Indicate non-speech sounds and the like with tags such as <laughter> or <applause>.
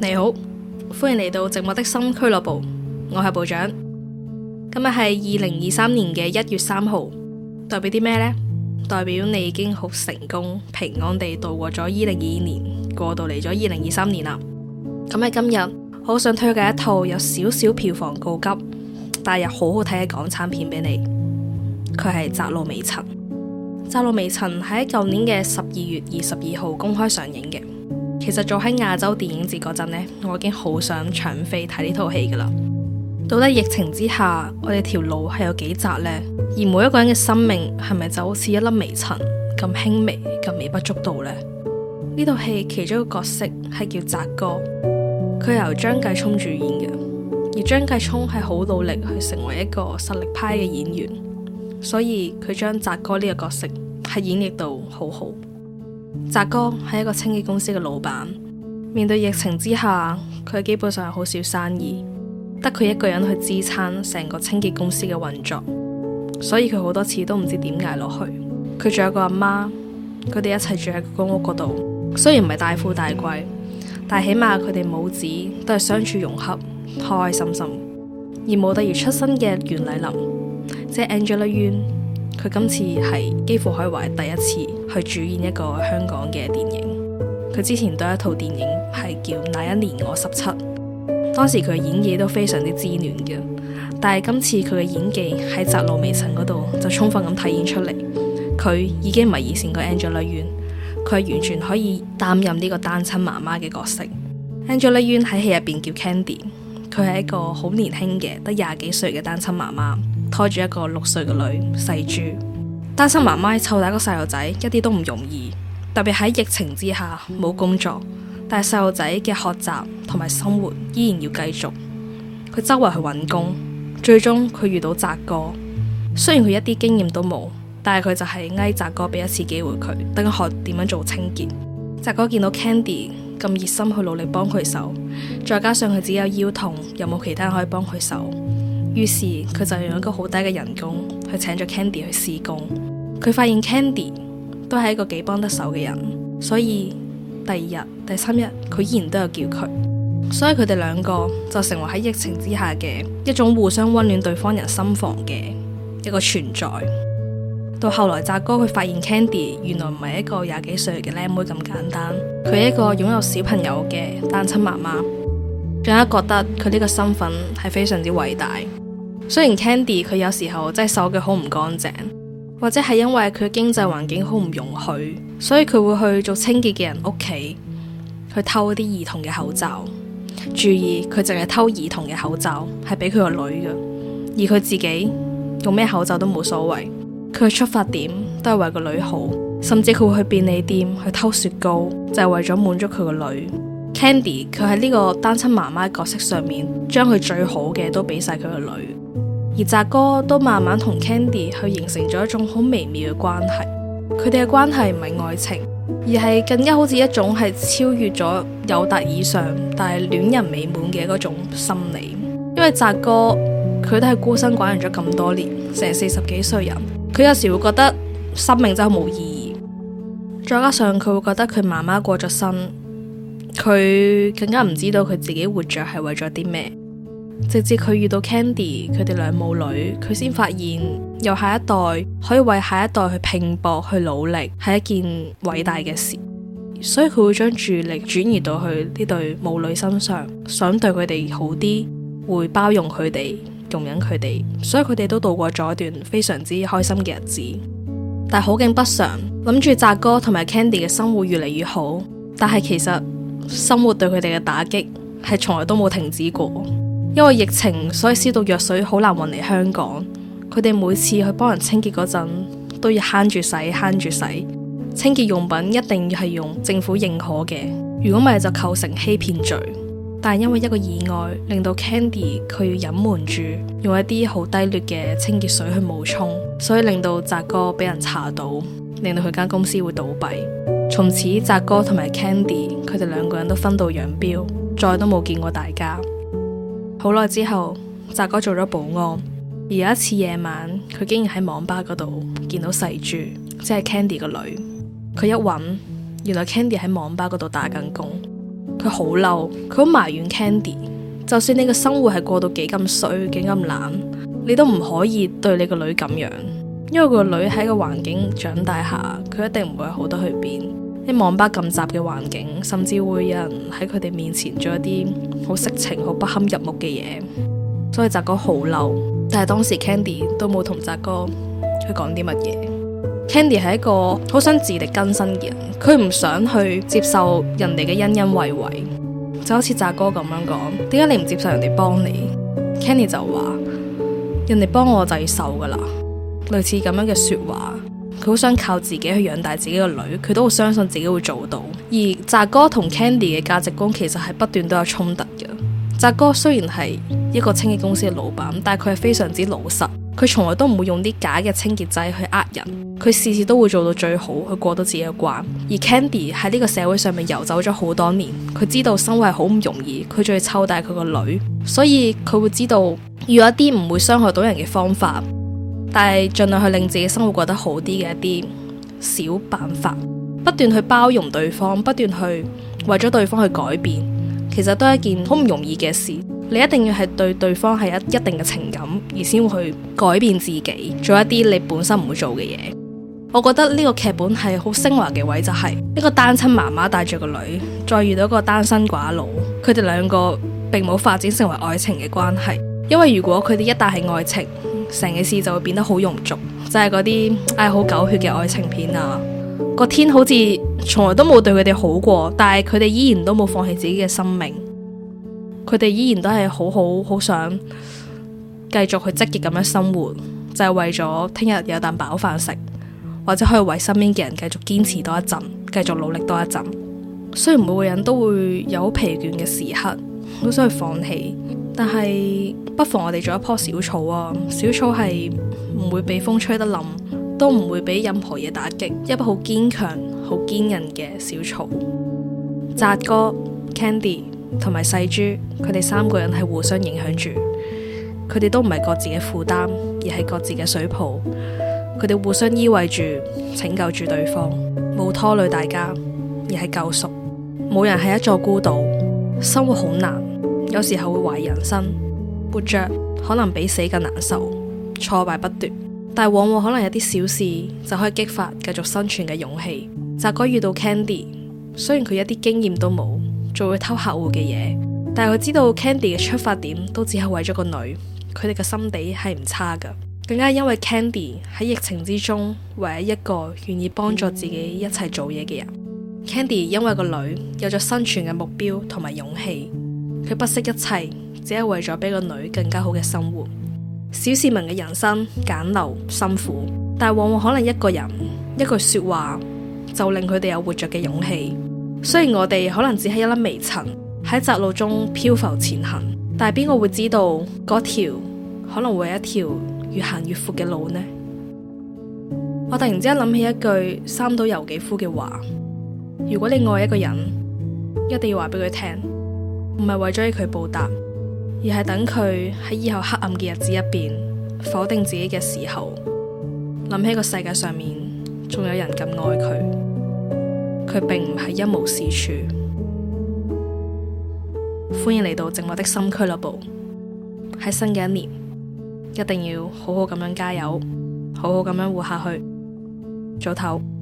你好，歡迎嚟到寂寞的心俱樂部，我係部長。今日係二零二三年嘅一月三號，代表啲咩呢？代表你已經好成功平安地度過咗二零二二年，過到嚟咗二零二三年啦。咁喺今日，我好想推介一套有少少票房告急，但又好好睇嘅港產片俾你。佢係《窄路微塵》，《窄路微塵》喺舊年嘅十二月二十二號公開上映嘅。其實早喺亞洲電影節嗰陣呢，我已經好想搶飛睇呢套戲噶啦。到底疫情之下，我哋條路係有幾窄呢？而每一個人嘅生命係咪就好似一粒微塵咁輕微、咁微不足道呢？呢套戲其中一個角色係叫澤哥，佢由張繼聰主演嘅。而張繼聰係好努力去成為一個實力派嘅演員，所以佢將澤哥呢個角色係演繹到好好。澤哥係一個清潔公司嘅老闆，面對疫情之下，佢基本上好少生意，得佢一個人去支撐成個清潔公司嘅運作，所以佢好多次都唔知點挨落去。佢仲有個阿媽，佢哋一齊住喺公屋嗰度，雖然唔係大富大貴，但起碼佢哋母子都係相處融洽，開開心心。而模特兒出身嘅袁澧林，即係 Angela Yuen 佢今次係幾乎可以話係第一次去主演一個香港嘅電影。佢之前都有一套電影係叫《那一年我十七》，當時佢嘅演技都非常之之嫩嘅。但係今次佢嘅演技喺《窄路微塵》嗰度就充分咁體現出嚟。佢已經唔係以前個 Angela Yuen，佢係完全可以擔任呢個單親媽媽嘅角色。Angela Yuen 喺戲入邊叫 Candy，佢係一個好年輕嘅得廿幾歲嘅單親媽媽。拖住一個六歲嘅女細豬，單身媽媽湊大個細路仔一啲都唔容易，特別喺疫情之下冇工作，但係細路仔嘅學習同埋生活依然要繼續。佢周圍去揾工，最終佢遇到澤哥。雖然佢一啲經驗都冇，但係佢就係嗌澤哥俾一次機會佢，等佢學點樣做清潔。澤哥見到 Candy 咁熱心去努力幫佢手，再加上佢只有腰痛，又冇其他人可以幫佢手。於是佢就用一個好低嘅人工去請咗 Candy 去試工，佢發現 Candy 都係一個幾幫得手嘅人，所以第二日、第三日佢依然都有叫佢，所以佢哋兩個就成為喺疫情之下嘅一種互相溫暖對方人心房嘅一個存在。到後來窄哥佢發現 Candy 原來唔係一個廿幾歲嘅靚妹咁簡單，佢係一個擁有小朋友嘅單親媽媽。更加覺得佢呢個身份係非常之偉大。雖然 Candy 佢有時候真係手腳好唔乾淨，或者係因為佢經濟環境好唔容許，所以佢會去做清潔嘅人屋企去偷一啲兒童嘅口罩。注意，佢淨係偷兒童嘅口罩，係俾佢個女嘅，而佢自己用咩口罩都冇所謂。佢嘅出發點都係為個女好，甚至佢會去便利店去偷雪糕，就係為咗滿足佢個女。Candy 佢喺呢個單親媽媽角色上面，將佢最好嘅都俾晒佢個女，而澤哥都慢慢同 Candy 去形成咗一種好微妙嘅關係。佢哋嘅關係唔係愛情，而係更加好似一種係超越咗友達以上，但係戀人未滿嘅嗰種心理。因為澤哥佢都係孤身寡人咗咁多年，成四十幾歲人，佢有時會覺得生命真係冇意義，再加上佢會覺得佢媽媽過咗身。佢更加唔知道佢自己活着係為咗啲咩，直至佢遇到 Candy，佢哋兩母女，佢先發現由下一代可以為下一代去拼搏去努力係一件偉大嘅事，所以佢會將注意力轉移到去呢對母女身上，想對佢哋好啲，會包容佢哋，容忍佢哋，所以佢哋都度過咗一段非常之開心嘅日子。但好景不常，諗住澤哥同埋 Candy 嘅生活越嚟越好，但係其實。生活對佢哋嘅打擊係從來都冇停止過，因為疫情，所以消毒藥水好難運嚟香港。佢哋每次去幫人清潔嗰陣都要慳住洗慳住洗，清潔用品一定要係用政府認可嘅，如果唔係就構成欺騙罪。但係因為一個意外，令到 Candy 佢要隱瞞住用一啲好低劣嘅清潔水去冒充，所以令到窄哥俾人查到，令到佢間公司會倒閉。從此窄哥同埋 Candy 佢哋兩個人都分道揚鑣，再都冇見過大家。好耐之後，窄哥做咗保安，而有一次夜晚，佢竟然喺網吧嗰度見到細珠，即係 Candy 個女。佢一揾，原來 Candy 喺網吧嗰度打緊工。佢好嬲，佢好埋怨，怨 Candy。就算你個生活係過到幾咁衰，幾咁懶，你都唔可以對你個女咁樣，因為個女喺個環境長大下，佢一定唔會好得去邊。啲網吧咁雜嘅環境，甚至會有人喺佢哋面前做一啲好色情、好不堪入目嘅嘢，所以澤哥好嬲。但係當時 Candy 都冇同澤哥去講啲乜嘢。 <music> Candy 係一個好想自力更生嘅人，佢唔想去接受人哋嘅恩恩惠惠，就好似澤哥咁樣講：點解你唔接受人哋幫你 <music> ？Candy 就話：人哋幫我就要受噶啦，類似咁樣嘅說話。佢好想靠自己去養大自己嘅女，佢都好相信自己會做到。而澤哥同 Candy 嘅價值觀其實係不斷都有衝突嘅。澤哥雖然係一個清潔公司嘅老闆，但係佢係非常之老實，佢從來都唔會用啲假嘅清潔劑去呃人。佢事事都會做到最好，去過到自己嘅關。而 Candy 喺呢個社會上面游走咗好多年，佢知道生活係好唔容易，佢仲要湊大佢個女，所以佢會知道有一啲唔會傷害到人嘅方法。但係盡量去令自己生活過得好啲嘅一啲小辦法，不斷去包容對方，不斷去為咗對方去改變，其實都係一件好唔容易嘅事。你一定要係對對方係一一定嘅情感，而先會去改變自己，做一啲你本身唔會做嘅嘢。我覺得呢個劇本係好升華嘅位，就是，就係一個單親媽媽帶住個女，再遇到一個單身寡佬，佢哋兩個並冇發展成為愛情嘅關係，因為如果佢哋一旦係愛情，成件事就會變得好庸俗，就係嗰啲唉好狗血嘅愛情片啊！個天好似從來都冇對佢哋好過，但係佢哋依然都冇放棄自己嘅生命，佢哋依然都係好好好想繼續去積極咁樣生活，就係、是、為咗聽日有啖飽飯食，或者可以為身邊嘅人繼續堅持多一陣，繼續努力多一陣。雖然每個人都會有疲倦嘅時刻，好想去放棄。但係不妨我哋做一樖小草啊！小草係唔會被風吹得冧，都唔會俾任何嘢打擊，一樖好堅強、好堅韌嘅小草。窄哥、Candy 同埋細豬，佢哋三個人係互相影響住，佢哋都唔係各自嘅負擔，而係各自嘅水泡。佢哋互相依偎住，拯救住對方，冇拖累大家，而係救贖。冇人係一座孤島，生活好難。有時候會懷疑人生，活着可能比死更難受，挫敗不斷。但往往可能有啲小事就可以激發繼續生存嘅勇氣。窄哥遇到 Candy，雖然佢一啲經驗都冇，仲會偷客戶嘅嘢，但係佢知道 Candy 嘅出發點都只係為咗個女，佢哋嘅心底係唔差㗎。更加係因為 Candy 喺疫情之中，唯一一個願意幫助自己一齊做嘢嘅人。 <laughs> Candy 因為個女有咗生存嘅目標同埋勇氣。佢不惜一切，只係為咗俾個女更加好嘅生活。小市民嘅人生簡陋辛苦，但往往可能一個人一句說話就令佢哋有活着嘅勇氣。雖然我哋可能只係一粒微塵喺窄路中漂浮前行，但係邊個會知道嗰條可能會係一條越行越闊嘅路呢？我突然之間諗起一句三島由紀夫嘅話：如果你愛一個人，一定要話俾佢聽。唔係為咗俾佢報答，而係等佢喺以後黑暗嘅日子入邊否定自己嘅時候，諗起個世界上面仲有人咁愛佢，佢並唔係一無是處。歡迎嚟到寂寞的心俱樂部。喺新嘅一年，一定要好好咁樣加油，好好咁樣活下去。早唞。